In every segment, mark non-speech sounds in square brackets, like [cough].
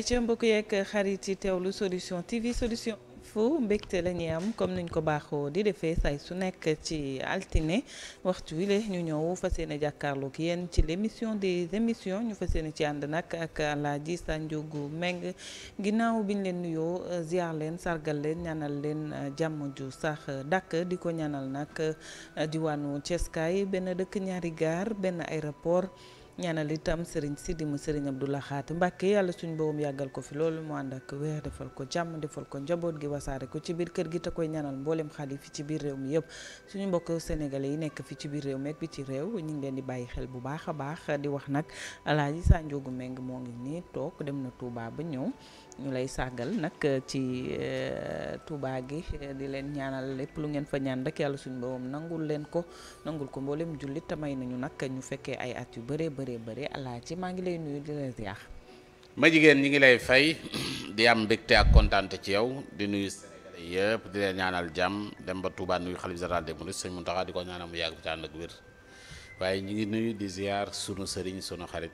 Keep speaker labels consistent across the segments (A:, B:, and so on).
A: ay ca mbokk yeeg xarit yi teew lu solution TV solution. fu mbégte la ñuy am comme niñ ko baaxoo di defee say su nekk ci altine waxtu wi la ñu ñëw fas yéene jàkkaarloog yéen ci l' émission des émissions ñu fas yéene ci ànd nag ak Alaaji Sanjogu Meng ginnaaw biñ leen nuyoo ziar leen sargal leen ñanal leen jàmm ju sax dàkk di ko ñanal nag diwaanu Ceskaay benn dëkk ñaari gaar benn aéroport ñaanal itam sëriñ Sidi mu du la Xaati Mbàkke yàlla suñu mboom yàggal ko fi loolu mu ànd ak wér defal ko jàmm defal ko njaboot gi wasaare ko ci biir kër gi te koy ñanal mboolem xalif fi ci biir réew mi yëpp suñu mbokk sénégalais yi nekk fi ci biir réew meeg bi ci réew ñu ngi leen di bàyyi xel bu baax a baax di wax nag yi alaaji Sanjoogu Meng moo ngi nii toog dem na Touba ba ñëw ñu lay sàggal nag euh, ci euh, Touba gi euh, di leen ñaanal lépp lu ngeen fa ñaan rek yàlla suñu boroom nangul leen ko nangul ko mboolem jullit tamay nañu nag ñu fekkee ay at yu bëree bëree bëri ci maa ngi lay nuyu di la ziar.
B: ma jigéen ñi ngi lay fay [coughs] di am mbégte ak kontaante ci yow di nuyu Sénégalais di leen ñaanal jàmm dem ba Touba nuyu xalif général des mourides sëñ Mountakha di ko ñaanal mu yàgg fi ànd ak wér waaye ñu ngi nuyu di ziar sunu sëriñ sunu xarit.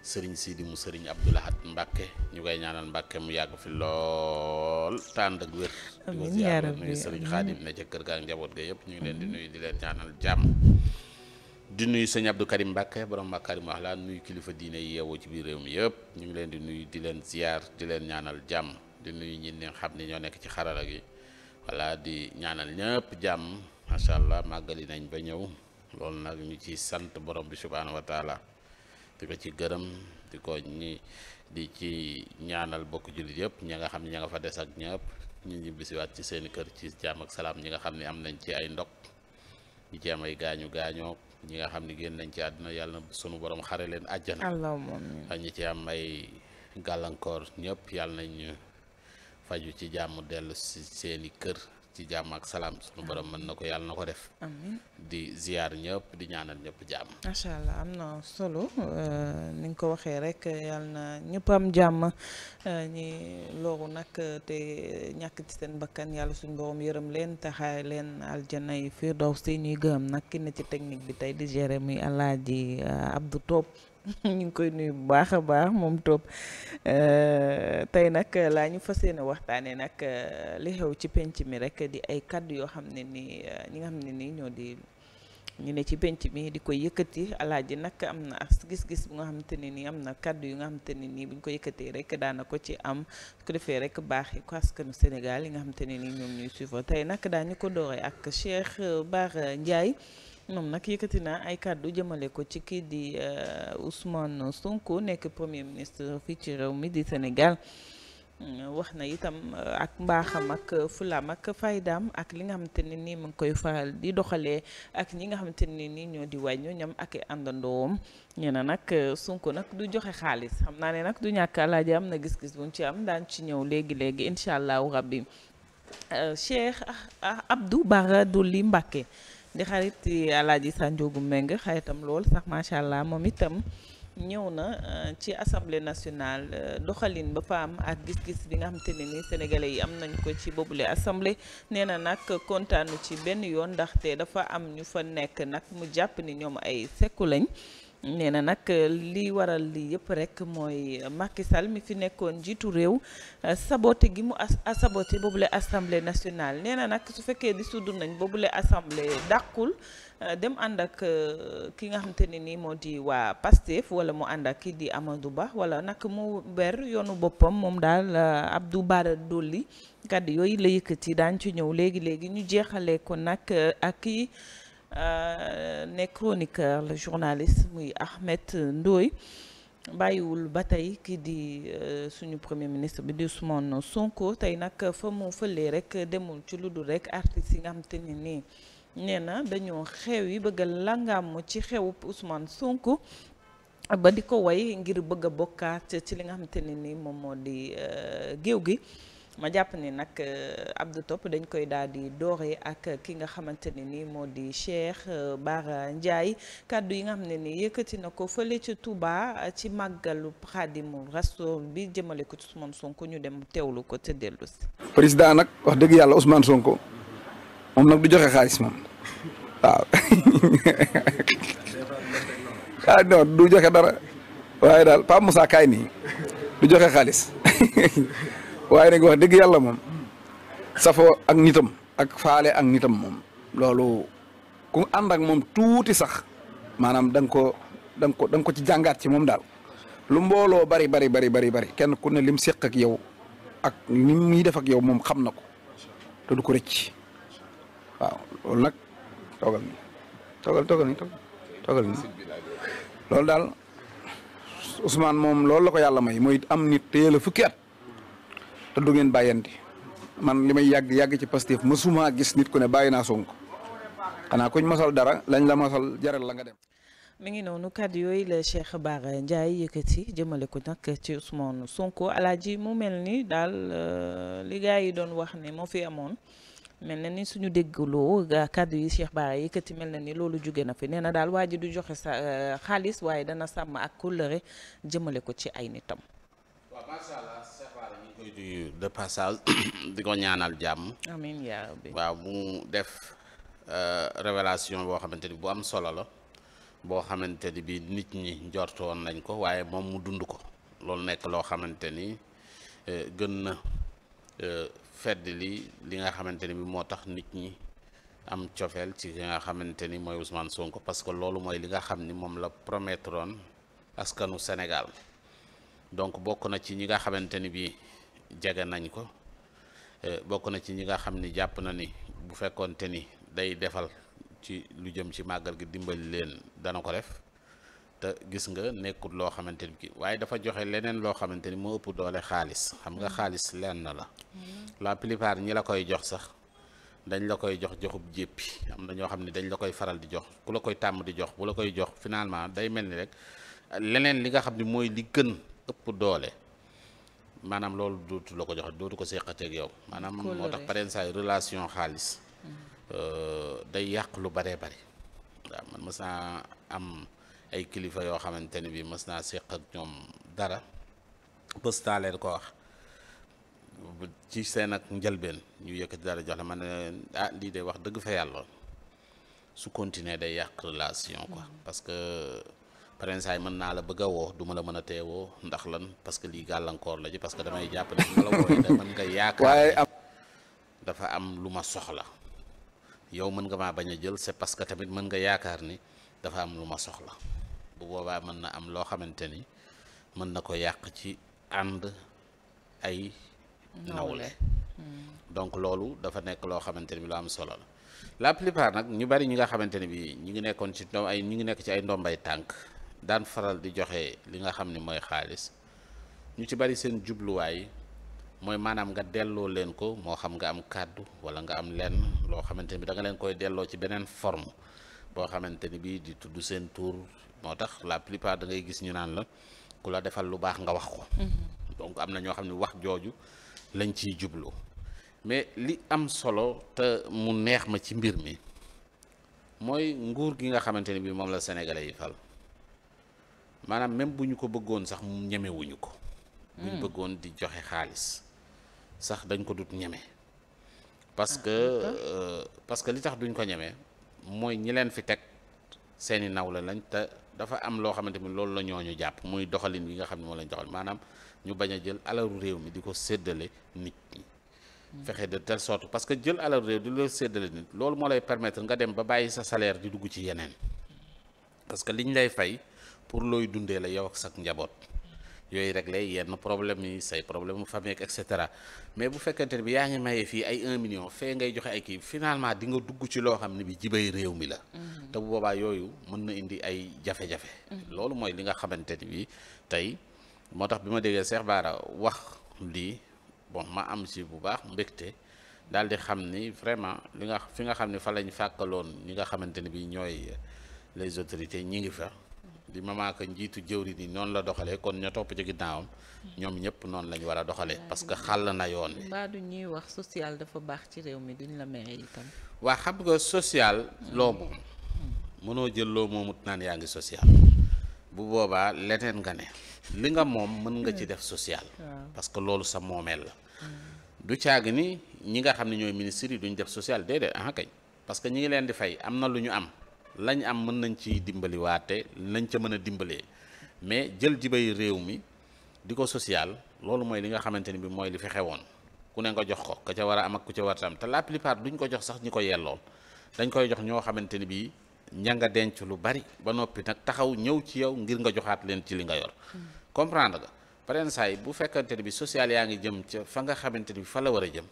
B: sëriñ Sidi mu sëriñ Abdou Lahad Mbacke ñu koy ñaanal mbakke mu yàgg fi lool tànd ak wér. amiin yaa rabbi nuyu sëriñ Xaadim ne ca kër ga njaboot ga yëpp ñu ngi leen di nuy di leen ñaanal jàmm. di nuyu sëñ Abdou Mbacke borom Makarim wax laa nuyu kilifa diine yi ci biir réew mi yëpp ñu ngi leen di nuyu di leen ziar di leen ñaanal jàmm di nuyu ñi ne xam ne ñoo nekk ci xarala gi voilà di ñaanal ñëpp jàmm macha allah màggali nañ ba ñëw loolu nag ñu ciy sant borom bi subhaanahu wa di ko ci gërëm di ko ñi di ci ñaanal bokk jullit yëpp ña nga xam ne ña nga fa des ak ñëpp ñu ñibbisiwaat ci seen kër ci jàmm ak salaam ñi nga xam ne am nañ ci ay ndog ñi ci am ay gaañu gaañoo ñi nga xam ni génn nañ ci àdduna yàlla na sunu boroom xare leen àjjana ak ñi ci am ay gàllankoor ñëpp yàlla nañ faju ci jàmm dellu si seeni kër ci jàmm ak salaam suñu borom mën na ko yàlla na ko def. amiin di ziar ñëpp di ñaanal ñëpp jàmm.
A: macha allah am na solo euh, ni nga ko waxee rek yàlla na ñëpp am jàmm euh, ñi looru nag te ñàkk ci seen bakkan yàlla suñu borom yërëm leen taxaay leen aljana yi firdawsi ñuy gërëm nag ki ne ci technique bi tey di gérer muy Alaaji euh, Abdou Top. [laughs] ñu ngi koy nuyu bu baax a baax moom topp euh, tey nag euh, laa ñu fas yéene waxtaanee nag euh, li xew ci penc mi rek di ay kàddu yoo xam ne ni ñi nga xam ne nii ñoo di ñu ne ci penc mi di ko yëkkati ji nag am na as gis-gis bu nga xamante ne nii am na kàddu yu nga xamante ne nii bu ñu ko yëkkatee rek daana ko ci am su ko defee rek baaxi ko askanu Sénégal yi nga xamante ne nii ñoom ñuy suivre tey nag daañu ko dooree ak Cheikh baax Ndiaye moom nag yëkkati naa ay kàddu jëmale ko ci kii di euh, Ousmane Sonko nekk premier ministre fii ci réew mi di Sénégal mm, wax na itam euh, ak mbaaxam ak fulaam ak faydaam ak li nga xamante ne nii mu ngi koy faral di doxalee ak ñi nga xamante ne nii ñoo di wàññu ñam ak àndandoowam ñu ne nag euh, Sonko nag du joxe xaalis xam naa ne nag du ñàkk alaaji am na gis-gis buñ ci am daan ci ñëw léegi léegi incha allahu rabbi Cheikh ah, ah, Abdou Bara Dolly Mbacké di xarit ci Alaaji Sanjoogu Meng xaritam lool sax macha allah moom itam ñëw na euh, ci assemblée nationale euh, doxalin ba fa am ak gis-gis bi nga xamante ne ni sénégalais yi am nañ ko ci boobule assemblée nee na nag kontaanu ci benn yoon ndaxte dafa am ñu fa nekk nag mu jàpp ni ñoom ay sekku lañ. nee na nag euh, li waral li yëpp rek mooy euh, Macky Sall mi fi nekkoon njiitu réew euh, saboté gi mu as saboté boobule assemblée nationale nee na nag su fekkee di sudd nañ boobule assemblée dàqul dem ànd ak ki nga xamante ne nii moo di waa Pastef wala mu ànd ak kii di Amadou Ba wala nag mu wer yoonu boppam moom daal Abdou Bara Dolly kàdd yooyu la yëkkati daan ci ñëw léegi léegi ñu jeexalee ko nag ak kii. Euh, nekk chroniqueur le journaliste muy Ahmed ndooy bàyyiwul ba tey kii di euh, suñu premier ministre bi di Ousmane Sonko tey nag fa mu fëlee rek demul ci lu dul rek artistes yi nga xam te ne nii nee na dañoo xew yi bëgg a ci xew Ousmane Sonko ba di ko way ngir bëgg a bokkaat ci li nga xamante ne nii moom moo di euh, géew gi. ma jàpp ni nag euh, Abdou Top dañ koy daal di doore ak ki nga xamante ne ni moo di Cheikh euh, Bara Ndiaye kàddu yi nga xam ne ni yëkkati na ko fële ci Touba ci màggalu Xaadimu Rasuul bi jëmale ko ci Ousmane Sonko ñu dem teewlu ko te dellu si.
C: président nag wax dëgg yàlla Ousmane Sonko moom nag du joxe xaalis moom waaw [laughs] ah, joxe dara waaye daal du joxe xaalis. [laughs] waaye nag wax dëgg yàlla moom safo ak nitam ak faale ak nitam moom loolu ku ànd ak moom tuuti sax maanaam da ko da ko da ko ci jàngaat ci moom daal lu mbooloo bari bari bari bari bari kenn ku ne lim seq ak yow ak ni muy def ak yow moom xam na ko te du ko rëcc waaw loolu nag toogal ni toogal toogal daal Ousmane moom loolu la ko yàlla may mooy am nit téye la fukki at te du ngeen bàyyante man li may yàgg yàgg ci Pastef mësuma gis nit ku ne bàyyi naa Sonko xanaa kuñ mosal dara lañ la mosal jaral la nga dem.
A: mi ngi noonu kàddu yooyu la baax Bara Ndiaye yëkkati jëmale ko nag ci Ousmane Sonko alaaji mu mel ni daal euh, li gars yi doon wax ne moo fi amoon mel na ni suñu déggloo kàdd yi Cheikh Bara yëkkati mel na ni loolu jóge na fi nee na daal waa ji du joxe sa euh, xaalis waaye dana sàmm ak kóllëre jëmale ko ci ay nitam.
B: di nuyu de passage [coughs] di ko ñaanal jàmm. amiin yaa rabbi waaw mu def euh, révélation boo xamante ni bu am solo la boo xamante ni bi nit ñi njort woon nañ ko waaye moom mu dund ko loolu nekk loo xamante ni euh, gën na euh, fedd li li nga xamante ni bi moo tax nit ñi. am cofeel ci li nga xamante ni mooy Ousmane Sonko parce que loolu mooy li nga xam ni moom la promettroon askanu Sénégal donc bokk na ci ñi nga xamante bii jege nañ ko eh, bokk na ci ñi nga xam ni jàpp na ni bu fekkoonte ni day defal ci lu jëm ci màggal gi dimbali leen dana ko def te gis nga nekkut loo xamante ni waaye dafa joxe leneen loo xamante ni moo ëpp doole xaalis xam nga mm. xaalis lenn la mm. la plupart ñi la koy jox sax dañ la koy jox joxub jéppi am na ñoo xam ne dañ la koy faral di jox ku la koy tàmm di jox bu la koy jox finalement day mel ni rek leneen li nga xam ne mooy li gën ëpp doole maanaam loolu dootu la ko jox dootu ko seqateeg yow maanaam moo tax pareen saay relation xaalis euh, day yàq lu baree bari waaw man mës naa am ay kilifa yoo xamante ni bi mës naa seq ak ñoom dara bës naa leen ko wax ci seen ak njëlbeen ñu yëkkati dara jox la man ah lii de wax dëgg fa yàlla su continuer day yàq relation quoi mm-hmm. parce parrain saay mën naa la bëgg woo duma la mën a teewoo ndax lan parce que lii gàllankoor la ji parce que damay jàpp ne ma la wooyee da mën nga yaakaar am lu ma soxla yow mën nga maa bañ a jël c'est parce que tamit mën nga yaakaar ni dafa am lu ma soxla bu boobaa mën na am loo xamante ni mën na ko yàq ci ànd ay nawle hmm. donc loolu dafa nekk loo xamante ni bi lu am solo la la plupart nag ñu bari ñi nga xamante ne bii ñi ngi nekkoon ci ay ñi ngi nekk ci ay ndombay tànk daan faral di joxe li nga xam ni mooy xaalis ñu ci bari seen jubluwaay mooy maanaam nga delloo leen ko moo xam nga am kàddu wala nga am lenn loo xamante ni da nga leen koy delloo ci beneen forme boo xamante ni bii di tudd seen tur moo tax la plupart da ngay gis ñu naan la ku la defal lu baax nga wax ko. Mm-hmm. donc am na ñoo xam ne wax jooju lañ ciy jublu mais li am solo te mu neex ma ci mbir mi mooy nguur gi nga xamante ni bii moom la sénégalais yi fal. maanaam même bu ñu ko bëggoon sax ñemewuñu ko bu ñu hmm. bëggoon di joxe xaalis sax dañ ko dut ñeme parce ah, que euh, parce que li tax duñ ko ñeme mooy ñi leen fi teg seeni nawle lañ te dafa am loo xamante ni loolu la ñooñu jàpp muy doxalin bi nga xam ne moo lañ doxal maanaam ñu bañ a jël alalu réew mi di ko séddale nit ñi
A: hmm.
B: fexe de tele sorte parce que jël alalu réew di la séddale nit loolu moo lay permettre nga dem ba bàyyi sa salaire di dugg ci yeneen parce que ñu lay fay pour looy dundee la yow ak sak njaboot yooyu réglé yenn problème yi say problème mu famille et cetera mais bu fekkente ne bi yaa ngi mayee fii ay 1 million fee ngay joxe ay kii finalement di nga dugg ci loo xam ne bi jibay réew mi la. Mhm. te bu boobaa yooyu mën na indi ay jafe-jafe. Mhm. loolu mooy li nga xamante ni bi tey moo tax bi ma déggee Cheikh Bara wax lii bon ma am si bu baax mbégte daal di xam ni vraiment li nga fi nga xam ne fa lañ fàkkaloon ñi nga xamante ne bi ñooy les autorités ñi ngi fa. di mamaaka njiitu jëwri ni noonu la doxalee kon ña topp ci ginnaawam ñoom ñëpp noonu lañ war a doxalee parce que xàll na yoon bi
A: mbaa du ñuy dafa baax ci réew mi duñ la mere
B: waa xam nga social hmm. loo moom hmm. mënoo jël loo moomut naan yaa ngi social bu boobaa leneen nga ne li nga moom mën nga ci hmm. def social parce que loolu sa moomeel la du caagi ni ñi nga xam ne ñooy ministres duñ def social déedéet ah kañ parce que ñi ngi leen di fay am na lu ñu am lañ am mën nañ ci dimbali waate lañ ca mën a dimbalee mais jël jibay réew mi di ko social loolu mooy li nga xamante ni bi mooy li fi xewoon ku ne nga jox ko ka ca war a am ak ku ca war te la plupart duñ ko jox sax ñi ko yellool dañ koy jox ñoo xamante ni bi ña denc lu bari ba noppi nag taxaw ñëw ci yow ngir nga joxaat leen ci li nga yor hmm. comprendre nga paren saa bu fekkante ni bi sociale yaa ngi jëm ca fa nga xamante ni bi fa la war a jëm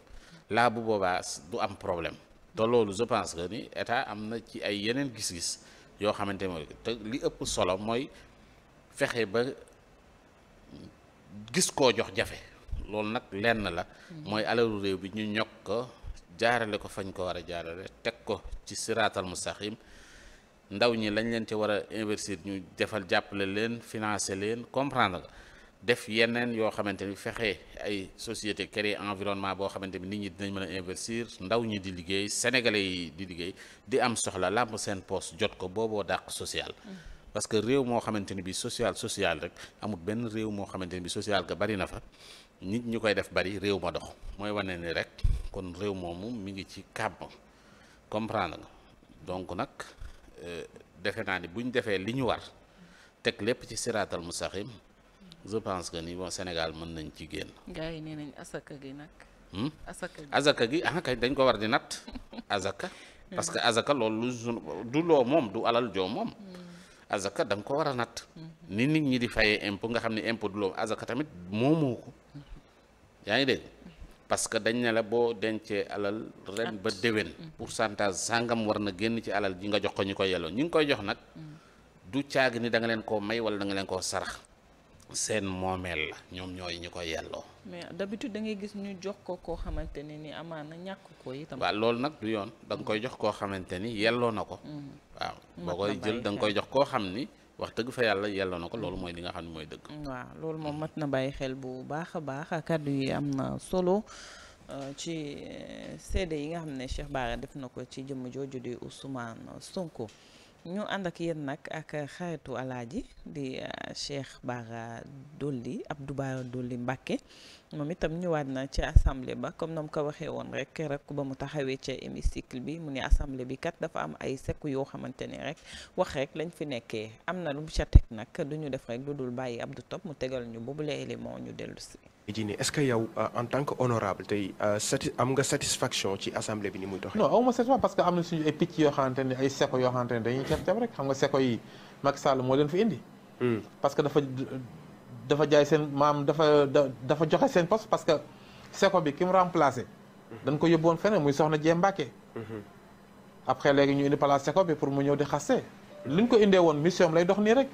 B: laa bu boobaa du am problème te loolu je pense que ni état am na ci ay yeneen gis-gis yoo xamante mooy te li ëpp solo mooy fexe ba gis koo jox jafe loolu nag lenn la mooy alalu réew bi ñu ñokk ko jaarale ko fañ ko war a jaarale teg ko ci siraatal mustaqim ndaw ñi lañ leen ci war a investir ñu defal jàppale leen financer leen comprendre nga def yeneen yoo xamante ni fexee ay société créer environnement boo xamante ni nit ñi dinañ mën a investir ndaw ñi di liggéey sénégalais yi di liggéey di am soxla làmb seen poste jot ko booboo dàq social. Mm. parce que réew moo xamante ni bi social social rek amut benn réew moo xamante ni bi social ga bari na fa nit ñu koy def bari réew ma dox mooy wane ni rek kon réew moomu mi ngi ci kàbb comprendre nga donc nag euh, defe naa ni bu ñu defee li ñu war teg lépp ci siraatal mustaqim je pense que ni bon Sénégal mën nañ ci génn.
A: gars yi nee nañ asaka gi nag.
B: Hmm? asaka gi asaka gi ah kay dañ ko war di natt [laughs] asaka. Hmm. parce que azaka loolu du loo moom du alal joo moom. Hmm. azaka da ko war a natt. ni nit ñi di fayee impôt nga xam ne impôt du loo azaka tamit moomoo yaa ngi dégg parce que dañ ne la boo dencee alal ren ba déwén. pourcentage sangam war na génn ci alal ji nga jox ko ñu koy yelloo ñu ngi koy jox nag. du caag ni da nga leen koo may wala da nga leen koo sarax. seen moomeel la ñoom ñooy ñi ko yelloo.
A: mais d'habitude da ngay gis ñu jox ko koo xamante ne ni amaana ñàkk ko itam. waaw
B: lool nag du yoon da koy jox koo xamante ni yelloo na ko. Mm-hmm. waaw boo koy jël da koy jox koo xam ni. wax dëgg fa yàlla yàlla na ko loolu mooy li nga xam ne mooy dëgg.
A: waaw loolu moom mat na bàyyi xel bu baax a baax a kàddu yi am na solo euh, ci euh, seede yi nga xam ne Cheikh Bara def na ko ci jëmm jooju di Ousmane Sonko. ñu ànd ak yéen nag ak xaritu alaaji di euh, Cheikh Bara ab Abdou Bara Dolly Mbacké moom itam ñëwaat na ca assemblée ba comme na mu ko waxee woon rek rek ba mu taxawee ca hémicycle bi mu ne assemblée bi kat dafa am ay sekku yoo xamante ni rek wax rek lañ fi nekkee am na lu mu ca teg nag du ñu def rek lu dul bàyyi Abdou Top mu tegal ñu boobu la élément ñu dellusi
D: diine est-ce que yow euh, en tant que honorable tey euh, sati am nga satisfaction ci assemblée bi ni muy doxee. a aw ma satisfaction parce que am na suñu ay picc yoo xamante yoo xam nga seko yi Macky moo leen fi indi. Hmm. parce que dafa jaay seen maam dafa joxe seen poste parce que seko bi ki mu remplacé. Hmm. dañ ko woon feneen muy soxna Dieng Mbacke. Hmm. après léegi ñu indi place seko pour mu ñëw di xaste. liñ ko indee woon mission lay dox nii rek.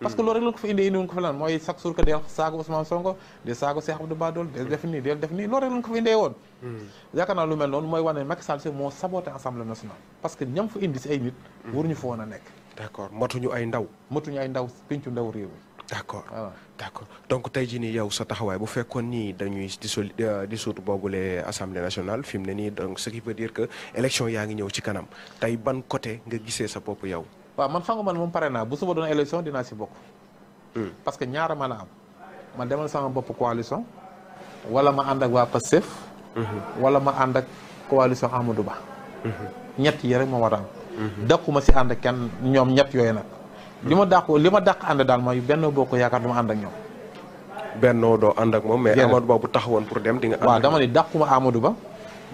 D: parce que hmm. loolu rek la ko fi indi indi wuñ ko fi lan mooy chaque jour que deel saago Ousmane Sonko de saago Cheikh Abdou Bara Dolly def nii loolu rek hmm. lu mel noonu mooy wane Macky Sall si moo saboté assemblée nationale parce que ñam fa indi si ay nit hmm. waruñu fa woon a nekk d'accord matuñu ay ndaw matuñu ay ndaw pincu ndaw réew mi d'accord voilà donc tey jii nii yow sa taxawaay bu fekkoon nii dañuy dissol euh, dissoudre boobule assemblée nationale fi mu ne nii donc ce qui veut dire que élection yaa ngi ñëw ci kanam tey ban côté nga gisee sa bopp yow waaw man xam nga man moom pare naa bu suba doon élection dinaa si bokk. Hmm. parce que ñaara ma la am. ma demal sama bopp coalition. wala ma ànd ak waa Pastef. Hmm. wala ma ànd ak coalition Amadou Ba. Hmm. ñett yi rek ma war a am. si ànd kenn ñoom ñett yooyu nag. li ma dàq li ma dàq ànd daal mooy benn bokk yaakaar du ma ànd ak ñoom. bennoo doo ànd ak moom. mais Amadou Ba bu taxawoon pour dem di nga. ànd waaw dama ne dàquma Amadou Ba.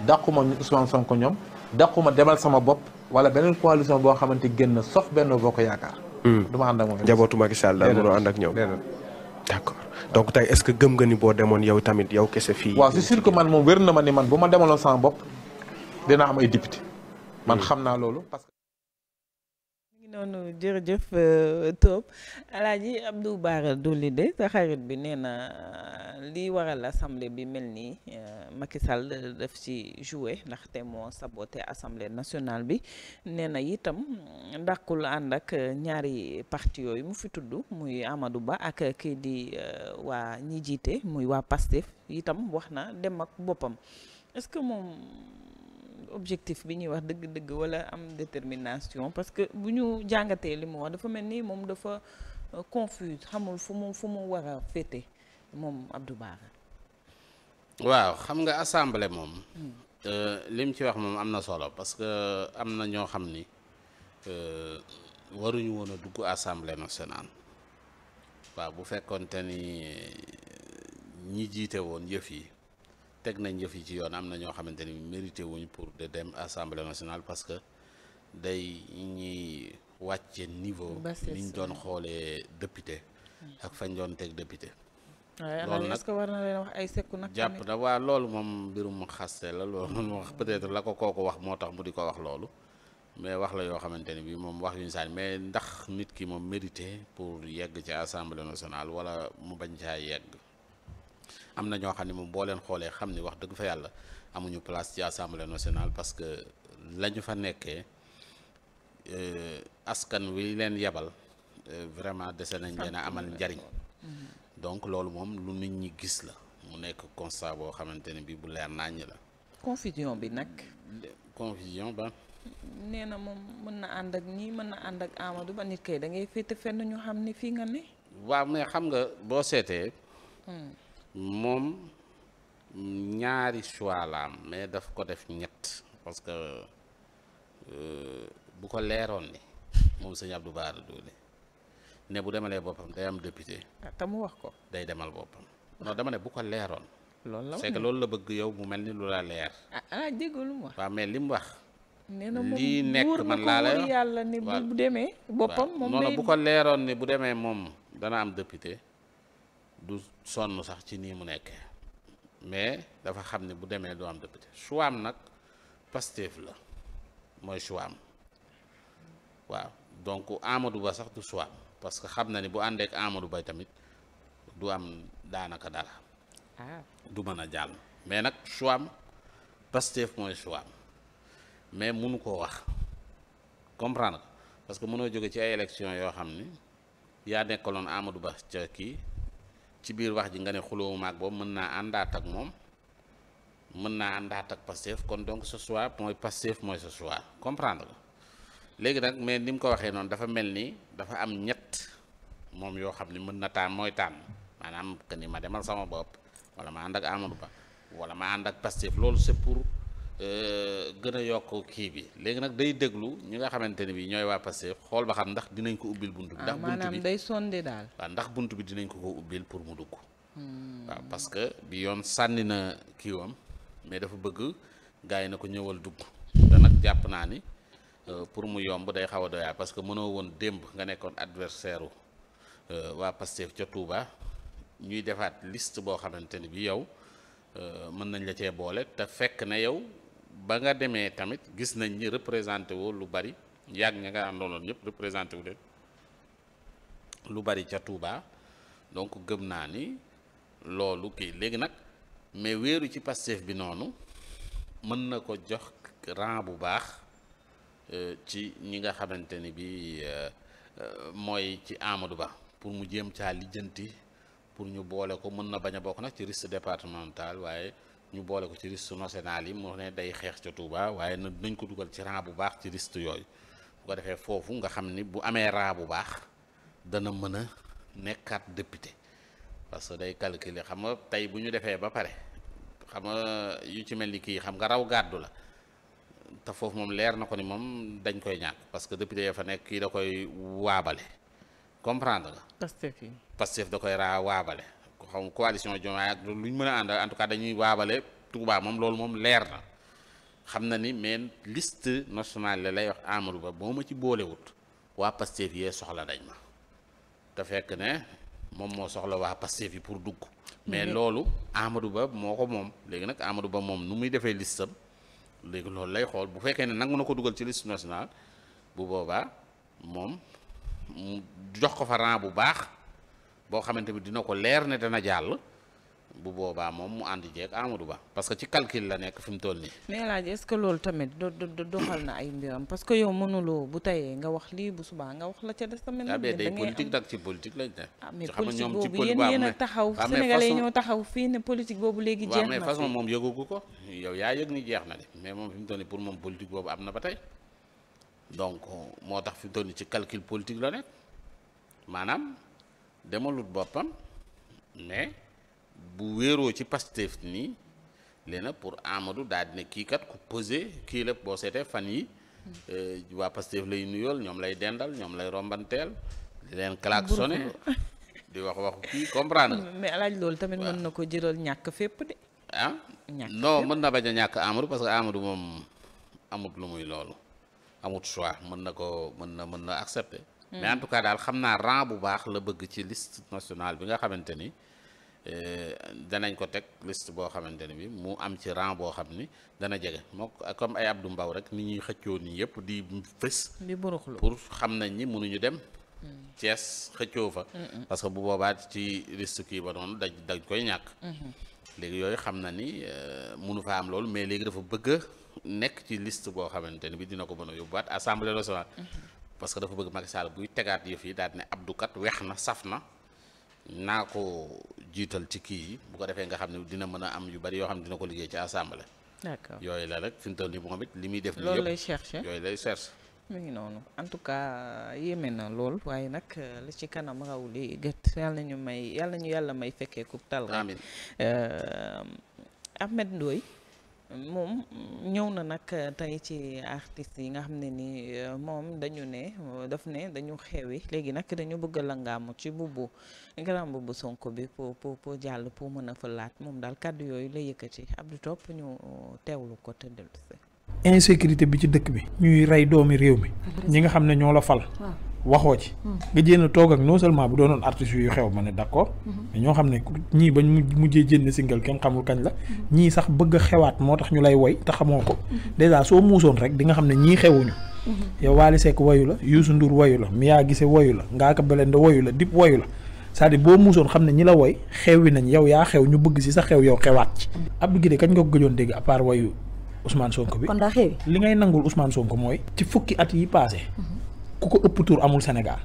D: dàquma Ousmane Sonko ñoom. dàquma demal sama bopp. wala beneen coalition boo xamante génn sof benn boo ko yaakaar. Hmm. du ma ànd ak moom njabootu Macky Sall daal mënoo ànd ak ñoom. d' donc tey est ce que gëm nga ni boo demoon yow tamit yow kese fii. waaw c' est man moom wér na ma ni man bu ma demaloon sama bopp dina am ay député man hmm. xam naa loolu
A: noonu jërëjëf euh, Top Alaaji Abdou Bara Dolly sa xarit bi nee na euh, li waral assemblée bi mel nii euh, Macky Sall daf ci joué ndaxte moo saboté assemblée nationale bi nee na itam ndàkkul mm, ànd ak ñaari parti yooyu mu fi tudd muy Amadou Ba ak kii di waa ñi jiite muy waa Pastef itam wax na dem ak boppam est moom. objectif bi ñuy wax dëgg-dëgg wala am détermination parce que bu ñu jàngatee li mu wax dafa mel ni moom dafa euh, confuse xamul fu mu fu mu war a féete moom Abdou Bara
B: waaw xam nga assemblée moom hmm. euh, lim ci wax moom am na solo parce que am na ñoo xam ni euh, waruñu woon a dugg assemblée nationale waaw bu fekkonte ni ñi jiite woon yëf yi teg nañ yëf yi ci yoon am na ñoo xamante ni mérité wuñ pour de dem assemblée nationale parce que day ñuy wàcce niveau niñ doon xoolee député ak fañ doon teg député loolu
A: na leen wax ay sekku nag jàpp
B: na waa loolu moom mbirum xaste la loolu moom peut-être la ko kooku wax moo tax mu di ko wax loolu mais wax la yoo xamante ni bi moom wax yuñ saan mais ndax nit ki moom mérité pour yegg ci assemblée nationale wala mu bañ caa yegg am na ñoo xam ne moom boo leen xoolee xam ni wax dëgg fa yàlla amuñu place ci assemblée nationale parce que la ñu fa nekkee euh, askan wi leen yebal euh, vraiment dese nañ leen a amal njariñ
A: mm-hmm.
B: donc loolu moom lu nit ñi gis la mu nekk constat boo xamante ne bi bu leer naññ la
A: confusion bi nag
B: confusion ba
A: nee na moom mën na ànd ak ñii mën na ànd ak Amadou Ba nit kay da ngay féete fenn ñu xam ni fii nga ne
B: waaw mais xam nga boo seetee hmm. moom ñaari choix la mais daf ko def ñett parce que euh, bu ko leeroon ni moom sëñ Abdou Bara Dolly ne bu demalee boppam day am député.
A: Ah, te mu wax ko.
B: day demal boppam. non dama ne bu ko leeroon. loolu la c'est que loolu la bëgg yow mu mel ni lu la leer. ah ah mais li mu wax.
A: nee na moom lii nekk man laa lay wax yàlla ni bu demee. boppam moom bu ko
B: leeroon ni bu demee moom dana am député. du sonn sax ci nii mu nekkee mais dafa xam ne bu demee doo am député choix nag Pastef la mooy choix am waaw donc Amadou Ba sax du choix am parce que xam na ni bu àndeek ak Amadou Ba tamit du am daanaka dara. Ah. du mën a jàll. mais nag choix am Pastef mooy choix am mais munu koo wax comprendre parce que mënoo jóge ci ay élections yoo xam ni yaa nekkaloon Amadou Ba ca kii. ci biir wax ji nga ne xulóowu maag boobu mën naa àndaat ak moom mën naa àndaat ak Pastef kon donc ce soir mooy Pastef mooy ce soir comprendre léegi nag mais ni mu ko waxee noonu dafa mel ni dafa am ñett moom yoo xam ne mën na tànn mooy tànn maanaam que ni ma demal sama bopp wala ma ànd ak Amadou Ba wala ma ànd ak Pastef loolu c'est pour Euh, gën a yokk kii bi léegi nag day déglu ñi nga xamante ne bi ñooy waa Pastef xool ba xam ndax dinañ ko ubbil bunt bi ah, ndax bunt bi day
A: sonde daal
B: waaw ndax bunt bi dinañ ko ko ubbil pour mu dugg hmm. waaw parce que bi yoon sànni na kiiwam mais dafa bëgg gars na ko ñëwal dugg jàpp naa ni euh, pour mu yomb day xaw a doyaay parce que mënoo woon démb nga nekkoon adversaire u euh, waa Pastef ca Touba ñuy defaat liste boo xamante ne bi yow mën nañ la cee boole te fekk na yow ba nga demee tamit gis nañ ni représenté woo lu bari yàgg ña nga àndoonoon ñëpp représenté wu leen lu bari ca Touba donc gëm naa ni loolu kii léegi nag mais wéeru ci Pastef bi noonu mën na ko jox rang bu baax euh, ci ñi nga xamante ni bi euh, euh, mooy ci Amadou Ba pour mu jéem caa lijjanti pour ñu boole ko mën na bañ a bokk nag ci liste départementale waaye ñu boole ko ci liste nationale yi mu nee day xeex ca Touba waaye na nañ ko dugal ci rang bu baax ci liste yooyu bu ko defee foofu nga xam ni bu amee rang bu baax dana mën a nekkaat député parce que day calculer xam nga tey bu ñu defee ba pare xam nga yu ci mel ni kii xam nga raw gàddu la te foofu moom leer na ko ni moom dañ koy ñàkk parce que député ya fa nekk kii da koy waabale comprendre nga. Pastef da koy raa waabale. xaw ma coalition Diomaye ak luñ mën a ànd en tout cas dañuy waabale Touba moom loolu moom leer na xam na ni mais list nationale lay wax Amadou Ba boo ma ci boole boolewut waa Pastef yee soxla dañ ma te fekk ne moom moo soxla waa Pastef yi pour dugg mais mm-hmm. loolu Amadou Ba moo ko moom léegi nag Amadou Ba moom nu muy defee listam léegi loolu lay xool bu fekkee ne nangu na ko dugal ci liste nationale bu boobaa moom jox ko fa rang bu baax boo xamante ni dina ko leer ne dana jàll bu boobaa moom mu ànd jeeg Amadou Ba parce que ci calcul la nekk fi mu toll nii.
A: mais laaj est-ce que loolu tamit do do doxal na ay mbiram parce que yow mënuloo bu tayee nga wax lii bu subaa nga wax la ca des tamit. Ah, da day politique
B: nag ci politique lañ ne. ah mais politique a taxaw
A: taxaw fii ne politique boobu léegi jeex na. waaw mais façon moom
B: yëgagu ko yow yaa yëg ni jeex na de mais moom fi toll nii pour moom politique boobu am na ba tey donc moo tax fi mu toll nii ci calcul politique la demalut boppam mais bu wéeroo ci Pastef nii léena pour Amadou daal dina kii kat ku posé kii la boo seetee fan yi euh, waa Pastef lay nuyool ñoom lay dendal ñoom lay rombanteel di leen klaxonné [laughs] di wax waxu kii comprendre
A: mais alaaj loolu tamit mën na ko jëlal ñàkk fépp de ah non
B: mën na bañ a ñàkk Amadou parce que Amadou moom amut lu muy loolu amut choix mën na ko mën na mën na accepter Hmm. mais en tout cas daal xam naa ran bu baax la bëgg ci liste nationale bi nga xamante ni eh, danañ ko teg liste boo xamante ni bi mu am ci ran boo xam ni dana jege moo comme ay Abdou Mbaw rek ni ñuy xëccoo ni yëpp di fës. di buruxlu pour xam nañ ni mënuñu dem. cees hmm. xëccoo fa. Hmm, parce que bu boobaat ci liste kii ba noonu dañ dañ koy ñàkk. léegi yooyu xam na ni eh, mënu fa am loolu mais léegi dafa bëgg nekk ci list boo xamante ni bi dina ko mën a yóbbuwaat assemblée nationale. parce que dafa bëgg Macky buy tegaat yëf yi daal ne Abdou kat weex na saf na naa ko jiital ci kii yi bu ko defee nga xam ne dina mën a am yu bari yoo xam ne dina ko liggéey ci assemblée. d'accord yooyu la rek fi mu toll nii moom it li muy def. loolu lay cherché yooyu lay cherché.
A: mu ngi noonu en tout cas yéeme na lool waaye nag euh, la ci kanam raw li gët yàlla ñu may yàlla ñu yàlla may fekkee ku tal. amiin euh, Ahmed Ndoye. moom ñëw na nag euh, tey ci artistes yi nga xam ne ni euh, moom dañu ne daf ne dañu xewi léegi nag dañu bëgg a langaamu ci bubbu grand bubbu sonk bi pour pour pour jàll pour mën a fa laat moom daal kàddu yooyu la yëkkati Abdou Top ñu euh, teewlu ko te
E: si insécurité bi ci dëkk bi ñuy rey doomi réew mi ñi nga xam ne ñoo la fal waxoo ci. nga jéem a toog ak non seulement bu doonoon artistes yu xew ma ne d'accord. mais ñoo xam ne ñii bañ mujjee jënd single kenn xamul kañ la. ñii sax bëgg xewaat moo tax ñu lay woy te xamoo ko. déjà soo muusoon rek di nga xam ne ñii xewuñu. yow Wally Seck woyu la Youssou Ndour woyu la Mia Guissé woyu la Ngaaka Blindé woyu la Dip woyu la. c'est-à-dire boo muusoon xam ne ñi la woy xewwi nañ yow yaa xew ñu bëgg si sa xew yow xewaat ci. gi Guité kañ nga ko gëjoon dégg à part woyu Ousmane Sonko bi. kon daa xewi li ngay nangul Ousmane Sonko mooy. ci fukki at yi passé ku ko ëpp tour amul Sénégal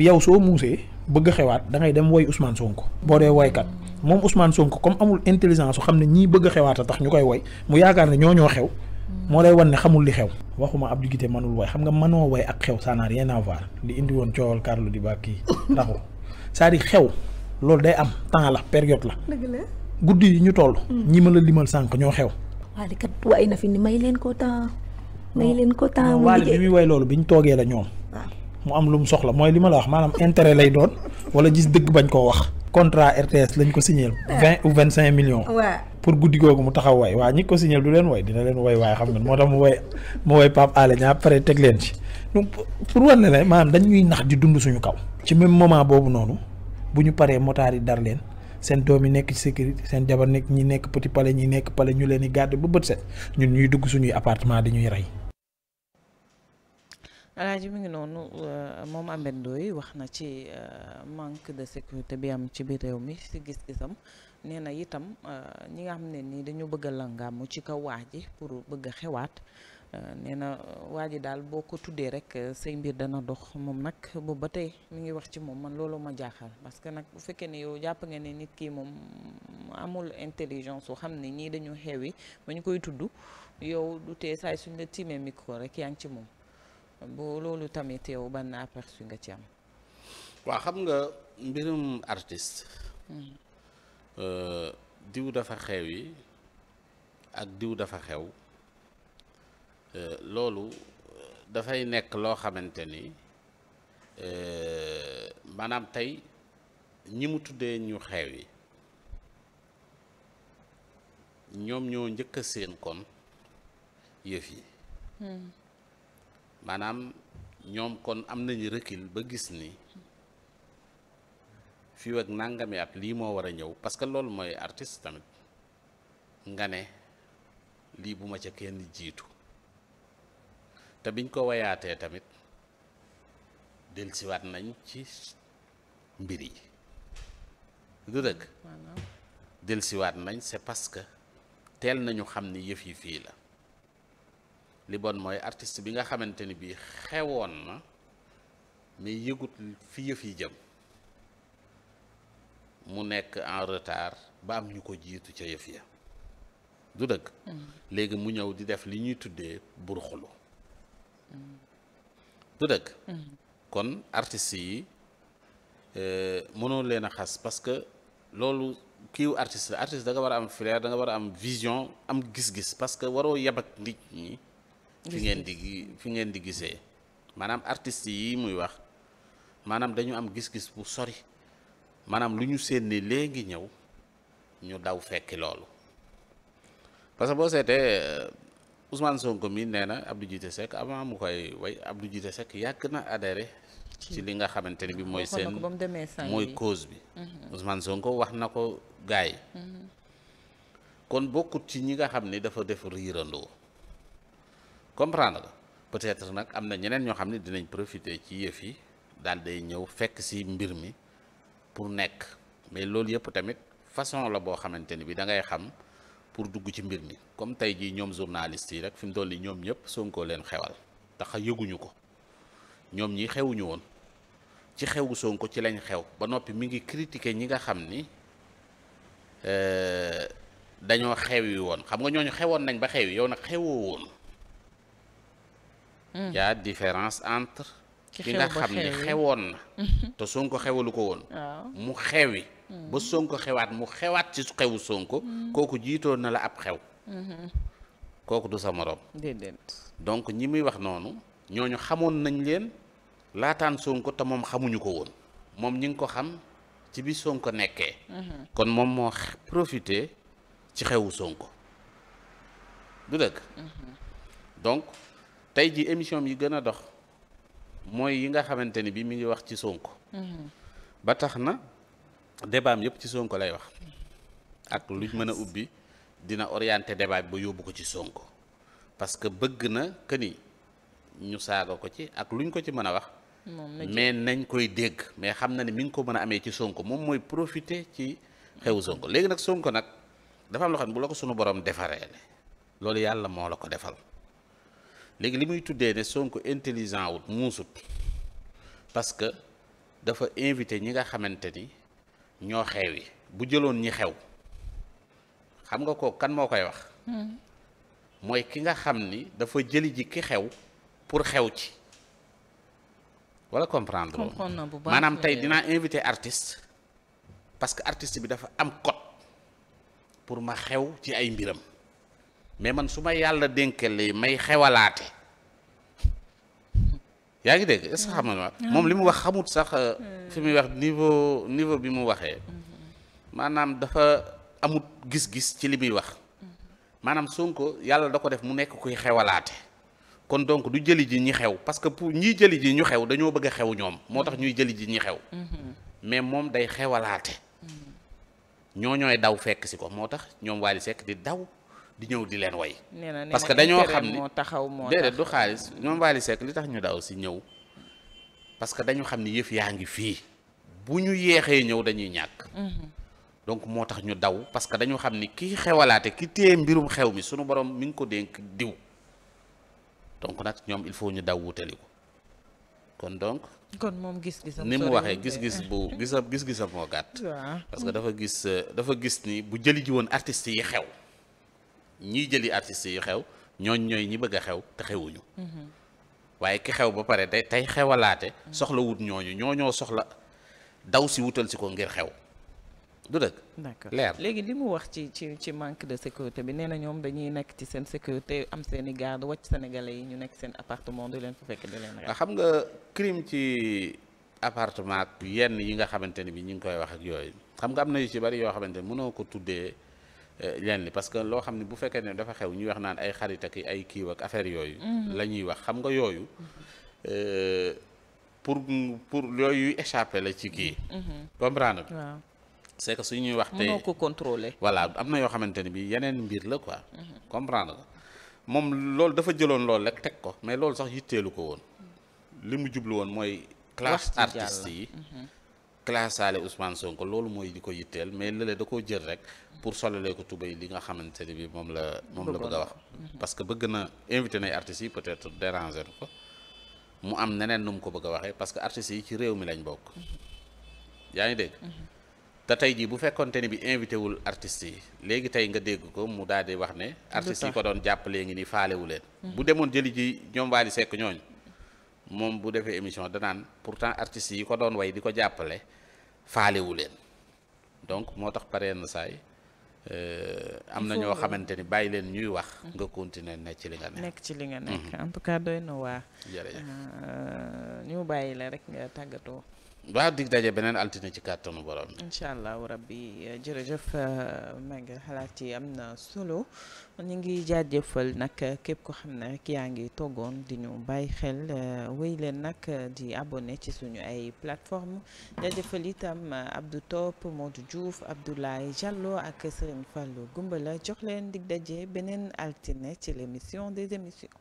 E: yow soo muusee bëgg xewaat dangay dem woy Ousmane sonk boo dee woykat moom usmaan sonk comme amul intelligence su xam ne ñii bëgg xewaat a tax ñu koy woy mu yaakaar ne ñoo ñoo xew moo lay wan ne xamul li xew waxuma Abdou mënul woy xam nga manoo woy ak xew ça n'a rien à voir li indi woon coowal Carlou D ba kii ndaxu cest à xew loolu day am temps la période la guddi yi ñu toll hmm. ñi ma la limal sànq ñoo xew
C: waalikat waay na fi ni may leen ko temps may leen ko temps waali
E: loolu bi ñu toogee la ñoom mu am lu mu soxla mooy li ma la wax maanaam intérêt lay doon wala gis dëgg bañ koo wax contrat RTS lañ ko signé vingt ou vingt cinq million pour guddi googu mu taxaw way waa ñi ko signé du leen way dina leen way waaye xam nga moo tax mu way mu way Pape Alé ñaa pare teg leen ci donc pour war na la maanaam dañ ñuy nax di dund suñu kaw ci même moment boobu noonu bu ñu paree motaar yi dar leen seen doom yi nekk ci sécurité seen jabar nekk ñi nekk petit palais ñi nekk palais ñu leen di gàdd ba bët set ñun ñuy dugg suñuy appartement di ñuy rey
A: alaaji mi ngi noonu euh, moom Ameth Ndoye wax na ci euh, manque de sécurité bi am ci biir réew mi si gis-gisam nee na itam euh, ñi nga xam ne nii dañu bëgg a langaamu ci kaw waa ji pour bëgg a xewaat nee na waa ji daal boo ko tuddee rek say mbir dana dox moom nag boobu ba tey mi ngi wax ci moom man loolu ma jaaxal parce que nag bu fekkee ne yow jàpp nga ne nit kii moom amul intelligence soo xam ne ñii dañu xewi ba ñu koy tudd yow du tee saay suñ la tiimee micro rek yaa ngi ci moom bu loolu tamit yow ban aperçu nga ci am. waaw xam nga
B: mbirum artiste. Hmm. Euh, diw dafa xew yi ak diw dafa xew euh, loolu dafay nekk loo xamante ni euh, maanaam tey ñi mu tuddee ñu xew yi ñoom ñoo njëkk a seen kon yëf yi. Hmm. maanaam ñoom kon am nañu recul ba gis ni fii ak nangami at lii moo war a ñëw parce que loolu mooy artiste tamit nga ne lii bu ma ca kenn jiitu te biñ ko wayaatee tamit delsiwaat nañ ci mbir yi du dëgg delsiwaat nañ c'est parce que teel nañu xam ni yëf yi fii la li bon mooy artiste bi nga xamante ni bii xewoon na mais yëgut fi yëf yi jëm mu nekk en retard ba am ñu ko jiitu ca yëf ya du dëgg mm. léegi mu ñëw di def li ñuy tuddee burxulu mm. du dëgg mm. kon artiste yi euh, mënoo leen a xas parce que loolu kiiw artiste la artiste da nga war a am flair da nga war a am vision am gis-gis parce que waroo yab ak nit ñi fi ngeen di fi ngeen di gisee maanaam artistes yi muy wax maanaam dañu am gis-gis bu sori maanaam lu ñu séenni léegi ñëw ñu daw fekki loolu parce que boo seetee euh, Ousmane Sonko mi nee na Abdou Djité Seck avant mu koy way Abdou Djité Seck yàgg na adhéré ci li nga xamante ne bi mooy seen mooy cause bi mhm. Ousmane Sonko wax na ko gaay mhm. kon bokkut ci ñi nga xam ne dafa def riirandoo comprendre la peut-être nag am na ñeneen ñoo xam ne dinañ profité ci yëf yi daal day ñëw fekk si mbir mi pour nekk mais loolu yëpp tamit façon la boo xamante ni bi da ngay xam pour dugg ci mbir mi comme tey jii ñoom journaliste yi rek fi mu toll nii ñoom ñëpp Sonko leen xewal tax yëguñu ko ñoom ñi xewuñu woon ci xewu Sonko ci lañ xew ba noppi mi ngi critiquer ñi nga xam ni euh, dañoo xewi woon xam nga ñooñu xewoon nañ ba xewi yow nag xewoo woon. Mm. y a différence entre ki nga xam ne xewoon na mm-hmm. te Sonko xewalu ko woon mu xewi mm. ba Sonko xewaat mu xewaat ci xewu Sonko mm. kooku jiitoon na la ab xew
A: mm-hmm.
B: kooku du sa moroom donc ñi muy wax noonu ñooñu xamoon nañ leen laataan Sonko te moom xamuñu ko woon moom ñi ngi ko xam ci bi Sonko nekkee mm-hmm. kon moom moo profité ci xewu Sonko du dëgg donc tey ji émission yi gën a dox mooy yi nga xamante ni bi mi ngi wax ci Sonko mhm. ba tax na débat yépp ci Sonko lay wax ak luñ mën a ubbi dina orienté débat bi ba yóbbu ko ci Sonko parce que bëgg na que ni ñu saaga ko ci ak luñ ko ci mën a wax
A: mais
B: nañ koy dégg mais xam na ne mi ngi ko mën a amee ci Sonko moom mooy profiter ci xew Sonko léegi nag Sonko nag dafa am loo xam ne bu la ko sunu borom defaree loolu yàlla moo la ko defal léegi li muy tuddee ne Sonko intelligent wut muusut parce que dafa invité ñi nga xamante ni ñoo xew bu jëloon ñi xew xam nga ko kan moo koy wax hmm. mooy ki nga xam ni dafa jëli ji ki xew pour xew ci wala comprendre maanaam tey dinaa invité artiste parce que artiste bi dafa am kot pour ma xew ci ay mbiram mais man su ma yàlla dénkee lii may xewalaate yaa ngi dégg est ce que xam nga mm. moom li mu wax xamut sax euh, mm. fi muy wax niveau niveau bi mu waxee mm-hmm. maanaam dafa amut gis-gis ci li muy wax mm-hmm. maanaam Sonko yàlla da ko def mu nekk kuy xewalaate kon donc du jëli ji ñi xew parce que pour ñiy jëli ji ñu xew dañoo bëgg a xew ñoom moo tax ñuy jëli ji ñi xew mm-hmm. mais moom day xewalaate ñoo ñooy daw fekk si ko moo tax ñoom Wally Seck di daw di ñëw di leen way parce que dañoo xam ni déedéet du xaalis ñoom Wally Seck li tax ñu daaw si ñëw parce que dañu xam ni yëf yaa ngi fii bu ñu yeexee ñëw dañuy ñàkk mhm. donc moo tax ñu daw parce que dañu xam ni kii xewalaate ki téye mbirum xew mi sunu borom mi ngi ko dénk diw donc nag ñoom il faut ñu daw wutali ko kon donc
A: kon moom gis-gisam ni mu waxee gis-gis
B: bu gisam gis-gisam moo gàtt [laughs] parce que dafa gis dafa gis ni bu jëli ji woon artistes yi xew ñiy jëli artistes yu xew ñooñ ñooy ñi bëgg a xew te xewuñu waaye ki xew ba pare day tey xewalaate soxla wut ñooñu ñooñoo soxla daw si wutal si ko ngir xew du dëgg
A: d'accord leer léegi li mu wax ci ci ci manque de sécurité bi nee na ñoom dañuy nekk ci seen sécurité am seen i garde wàcc sénégalais yi ñu nekk seen appartement du leen fu fekk du leen nga ah,
B: xam nga crime ci appartement ak yenn yi nga xamante ne bi ñu ngi koy wax ak yooyu xam nga am na yu ci bari yoo xamante ne mënoo ko tuddee Euh, leen li parce que loo xam ne bu fekkee ne dafa xew ñuy wax naan ay xarit ak ay kiiw ak affaire yooyu mm-hmm. la ñuy wax xam nga yooyu euh, pour pour yooyu échappé la ci kii mm-hmm. comprendre nga c'est su ñuy wax tey mënoo ko contrôler voilà am na yoo xamante ne bi yeneen mbir la quoi mm-hmm. comprendre nga moom loolu dafa jëloon loolu rek teg ko mais loolu sax yitteelu ko woon li mu jublu woon mooy classe artiste yi classaale Ousmane Sonko loolu mooy di ko yitteel mais lële da koo jël rek pour solalee ko tubéy li nga xamante ne bi moom la moom la bëgg a wax parce que bëgg na invité nay artistes yi peut-être déranger ko mu am neneen nu mu ko bëgg a waxee parce que artistes yi ci réew mi lañ bokk yaa ngi dégg mm-hmm. te tey jii bu fekkonte ne bi invité wul artistes yi léegi tey nga dégg ko mu daal di wax ne artistes yi ko doon jàppalee ngi ni faalewu leen mm-hmm. bu demoon jëli ji ñoom Wally Seck moom bu defee émission danaan pourtant artistes yi ko doon way di ko jàppale faalewu leen donc moo tax pare na saay euh, am na ñoo xamante ni bàyyi leen ñuy wax nga continuer ne ci li nga nekk ci li nga nekk mhm.
A: en doy na waa euh, ñu bàyyi la rek nga tàggatoo
B: waaw dig daje beneen altine ci kàttanu borom bi.
A: incha allahu rabbi jërëjëf euh, Maguette xalaat yi am na solo ñu ngi jaajëfal nag euh, képp ko xam na rek yaa ngi toggoon di ñu bàyyi xel euh, wéy leen nag di abonné ci suñu ay plateforme jaajëfal itam Abdou Top Modou Diouf Abdoulaye Diallo ak Serigne Fallou Gumbala jox leen dig daje beneen altine ci l' émission des émissions.